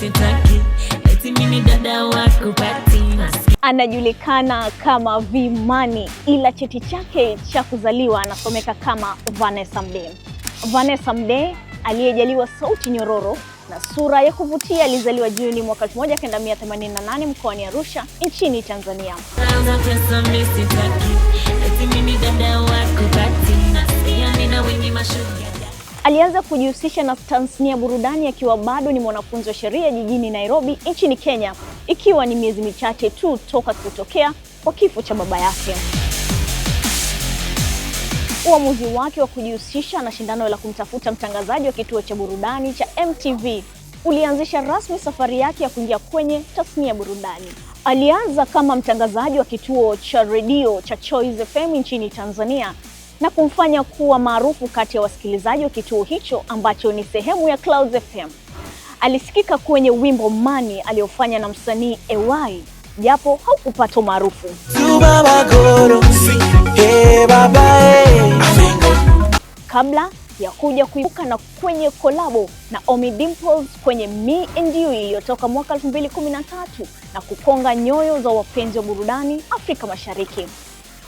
sitaki eti mimi dada wako pati. Anajulikana kama Vimani ila cheti chake cha kuzaliwa anasomeka kama Vanessa Mdee. Vanessa Mdee aliyejaliwa sauti nyororo na sura ya kuvutia alizaliwa Juni mwaka 1988 mkoani Arusha nchini Tanzania. Alianza kujihusisha na tasnia ya burudani akiwa bado ni mwanafunzi wa sheria jijini Nairobi nchini Kenya, ikiwa ni miezi michache tu toka kutokea kwa kifo cha baba yake. Uamuzi wake wa kujihusisha na shindano la kumtafuta mtangazaji wa kituo cha burudani cha MTV ulianzisha rasmi safari yake ya kuingia kwenye tasnia ya burudani. Alianza kama mtangazaji wa kituo cha redio cha Choice FM nchini Tanzania na kumfanya kuwa maarufu kati ya wasikilizaji wa kituo hicho ambacho ni sehemu ya Clouds FM. Alisikika kwenye wimbo mani aliyofanya na msanii EY japo haukupata maarufu. E e. Kabla ya kuja kuibuka na kwenye kolabo na Omi Dimples kwenye Me and You iliyotoka mwaka 2013 na kukonga nyoyo za wapenzi wa burudani Afrika Mashariki.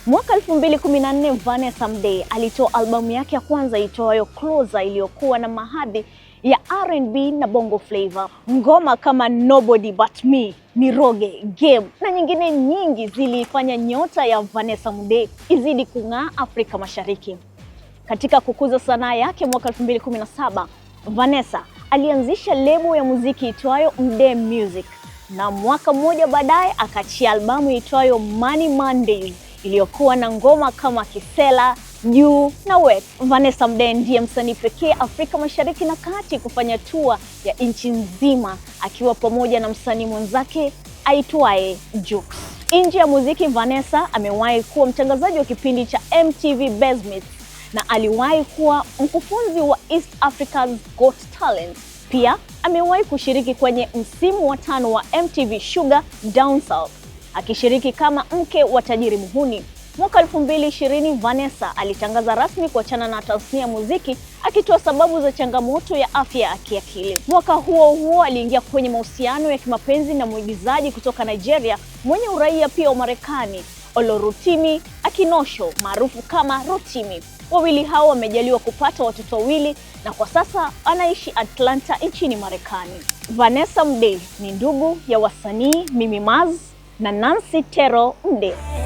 Mwaka 2014 Vanessa Mdee alitoa albamu yake ya kwanza itoayo Closer iliyokuwa na mahadhi ya R&B na Bongo Flava. Ngoma kama Nobody But Me, Niroge, Game na nyingine nyingi ziliifanya nyota ya Vanessa Mdee izidi kung'aa Afrika Mashariki. Katika kukuza sanaa yake mwaka 2017, Vanessa alianzisha lebo ya muziki itwayo Mdee Music na mwaka mmoja baadaye akachia albamu itwayo Money Mondays iliyokuwa na ngoma kama Kisela, Juu na Wex. Vanessa Mdee ndiye msanii pekee Afrika Mashariki na Kati kufanya tua ya nchi nzima akiwa pamoja na msanii mwenzake aitwaye Jux. Nje ya muziki, Vanessa amewahi kuwa mtangazaji wa kipindi cha MTV Base na aliwahi kuwa mkufunzi wa East Africa's Got Talent. Pia amewahi kushiriki kwenye msimu wa tano wa MTV Sugar Down South akishiriki kama mke wa tajiri muhuni. Mwaka 2020 Vanessa alitangaza rasmi kuachana na tasnia ya muziki akitoa sababu za changamoto ya afya ya kiakili. Mwaka huo huo aliingia kwenye mahusiano ya kimapenzi na mwigizaji kutoka Nigeria mwenye uraia pia wa Marekani, Olorutimi Akinosho maarufu kama Rotimi. Wawili hao wamejaliwa kupata watoto wawili na kwa sasa anaishi Atlanta nchini Marekani. Vanessa Mdee ni ndugu ya wasanii Mimi Maz na Nancy Tero Mdee.